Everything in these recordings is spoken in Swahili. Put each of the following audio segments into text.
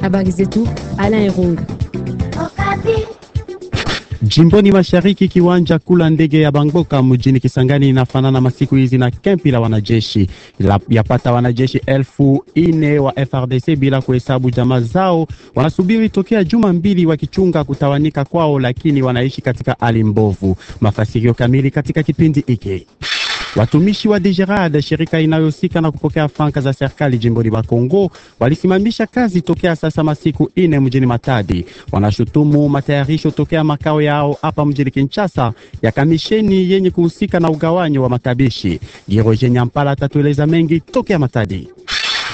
Habari zetu Alain Irunga. Jimboni mashariki, kiwanja kula ndege ya Bangoka mjini Kisangani inafanana masiku hizi na kempi la wanajeshi la yapata wanajeshi elfu ine wa FRDC bila kuhesabu jamaa zao. Wanasubiri tokea juma mbili wakichunga kutawanika kwao, lakini wanaishi katika hali mbovu. Mafasirio kamili katika kipindi hiki. Watumishi wa Dijerad, shirika inayohusika na kupokea franka za serikali jimboni wa Kongo, walisimamisha kazi tokea sasa masiku ine mjini Matadi. Wanashutumu matayarisho tokea makao yao hapa mjini Kinshasa ya kamisheni yenye kuhusika na ugawanyo wa matabishi. Giroje Nyampala atatueleza mengi tokea Matadi.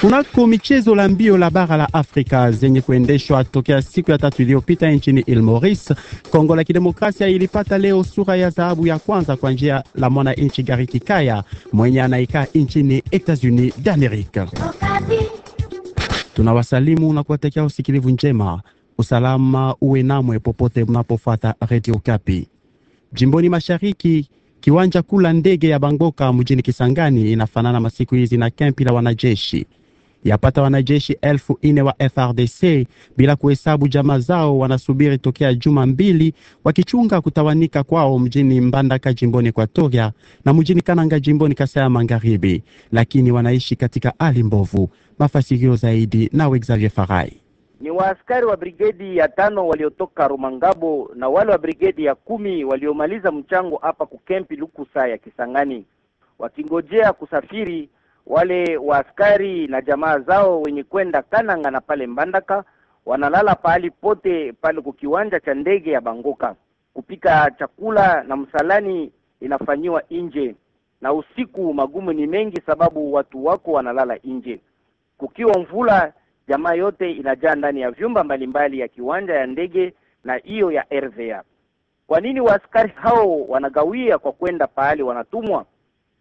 Kunako michezo la mbio la bara la Afrika zenye kuendeshwa tokea siku ya tatu iliyopita nchini Il Maurice, Kongo la Kidemokrasia ilipata leo sura ya dhahabu ya kwanza kwa njia la mwana nchi Gari Kikaya mwenye anaikaa nchini Etats-Unis d'Amerika. Tunawasalimu na kuwatakia usikilivu njema, usalama uwe namwe popote mnapofuata Radio Kapi. Jimboni Mashariki, kiwanja kula ndege ya Bangoka mjini Kisangani inafanana masiku hizi na kempi la wanajeshi yapata wanajeshi elfu ine wa FRDC bila kuhesabu jamaa zao, wanasubiri tokea juma mbili wakichunga kutawanika kwao mjini Mbandaka jimboni ekuatoria na mjini Kananga jimboni kasaya Magharibi, lakini wanaishi katika hali mbovu. Mafasirio zaidi nawe Xavier Farai. Ni waaskari wa brigedi ya tano waliotoka Rumangabo na wale wa brigedi ya kumi waliomaliza mchango hapa kukempi Lukusa ya Kisangani wakingojea kusafiri wale waaskari na jamaa zao wenye kwenda Kananga na pale Mbandaka wanalala pahali pote pale kukiwanja cha ndege ya Bangoka. Kupika chakula na msalani inafanyiwa nje, na usiku magumu ni mengi sababu watu wako wanalala nje. Kukiwa mvula, jamaa yote inajaa ndani ya vyumba mbalimbali ya kiwanja ya ndege na hiyo ya RVA. Kwa nini waaskari hao wanagawia kwa kwenda pahali wanatumwa?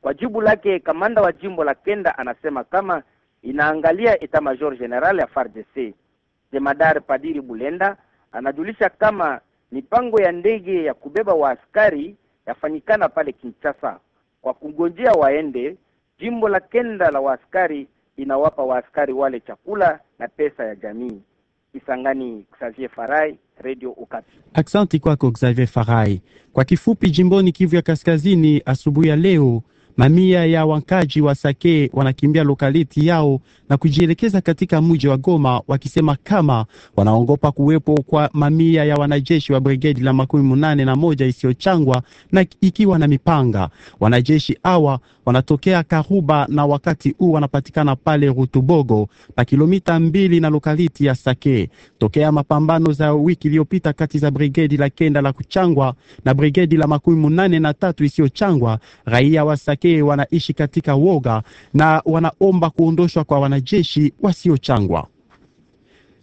Kwa jibu lake, kamanda wa jimbo la Kenda anasema kama inaangalia eta major general ya FARDC. Jemadar Padiri Bulenda anajulisha kama mipango ya ndege ya kubeba waaskari yafanyikana pale Kinshasa kwa kungojea waende jimbo la Kenda la waaskari inawapa waaskari wale chakula na pesa ya jamii. Kisangani, Xavier Farai, Radio Okapi. Aksanti kwako Xavier Farai. Kwa kifupi, jimboni Kivu ya Kaskazini, asubuhi ya leo Mamia ya wakaji wa Sake wanakimbia lokaliti yao na kujielekeza katika mji wa Goma wakisema kama wanaogopa kuwepo kwa mamia ya wanajeshi wa brigedi la makumi munane na moja isiyochangwa na ikiwa na mipanga. Wanajeshi hawa wanatokea Karuba na wakati huu wanapatikana pale Rutubogo pa kilomita mbili na lokaliti ya Sake. Tokea mapambano za wiki iliyopita kati za brigedi la kenda la kuchangwa na brigedi la makumi munane na tatu isiyochangwa, raia wa Sake wanaishi katika woga na wanaomba kuondoshwa kwa wanajeshi wasiochangwa.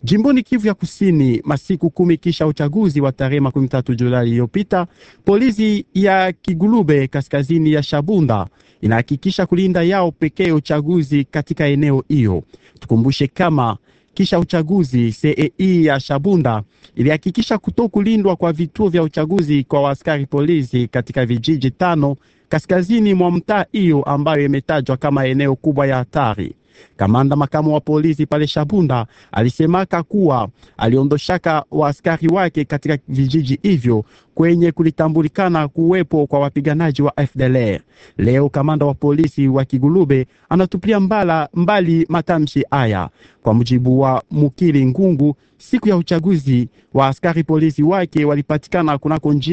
Jimboni Kivu ya Kusini, masiku kumi kisha uchaguzi wa tarehe makumi tatu Julai iliyopita, polisi ya Kigulube kaskazini ya Shabunda inahakikisha kulinda yao pekee uchaguzi katika eneo hiyo. Tukumbushe kama kisha uchaguzi CEI ya Shabunda ilihakikisha kuto kulindwa kwa vituo vya uchaguzi kwa askari polisi katika vijiji tano kaskazini mwa mtaa hiyo ambayo imetajwa kama eneo kubwa ya hatari. Kamanda makamu wa polisi pale Shabunda alisemaka kuwa aliondoshaka waaskari wake katika vijiji hivyo kwenye kulitambulikana kuwepo kwa wapiganaji wa FDLR. Leo kamanda wa polisi wa Kigulube anatupilia mbala mbali matamshi haya. Kwa mujibu wa Mukili Ngungu, siku ya uchaguzi wa askari polisi wake walipatikana kunako njia